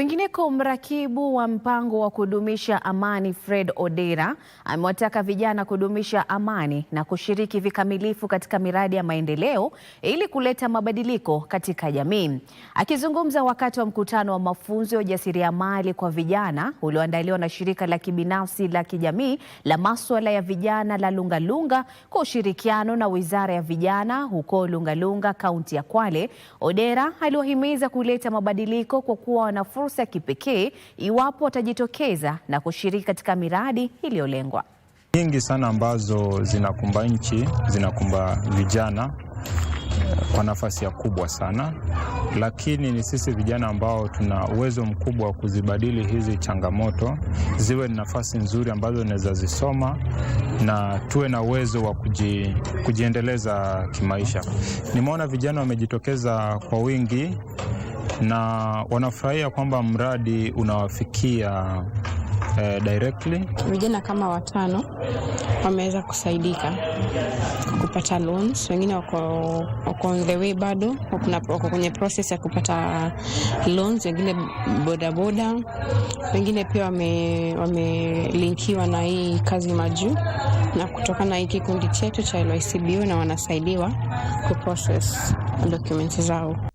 Kwingineko, mrakibu wa mpango wa kudumisha amani Fred Odera amewataka vijana kudumisha amani na kushiriki vikamilifu katika miradi ya maendeleo ili kuleta mabadiliko katika jamii. Akizungumza wakati wa mkutano wa mafunzo ya ujasiriamali kwa vijana ulioandaliwa na shirika la kibinafsi la kijamii la masuala ya vijana la Lungalunga kwa ushirikiano na wizara ya vijana huko Lungalunga, kaunti ya Kwale, Odera aliwahimiza kuleta mabadiliko kwa kuwa wana fursa ya kipekee iwapo watajitokeza na kushiriki katika miradi iliyolengwa. Nyingi sana ambazo zinakumba nchi zinakumba vijana eh, kwa nafasi ya kubwa sana, lakini ni sisi vijana ambao tuna uwezo mkubwa wa kuzibadili hizi changamoto ziwe ni nafasi nzuri ambazo inaweza zisoma na tuwe na uwezo wa kuji, kujiendeleza kimaisha. Nimeona vijana wamejitokeza kwa wingi na wanafurahia kwamba mradi unawafikia eh, directly. Vijana kama watano wameweza kusaidika kupata loans, wengine wako, wako on the way bado wako kwenye process ya kupata loans, wengine bodaboda, wengine pia wamelinkiwa wame na hii kazi majuu na kutokana na hii kikundi chetu cha LYCBO na wanasaidiwa kuprocess documents zao.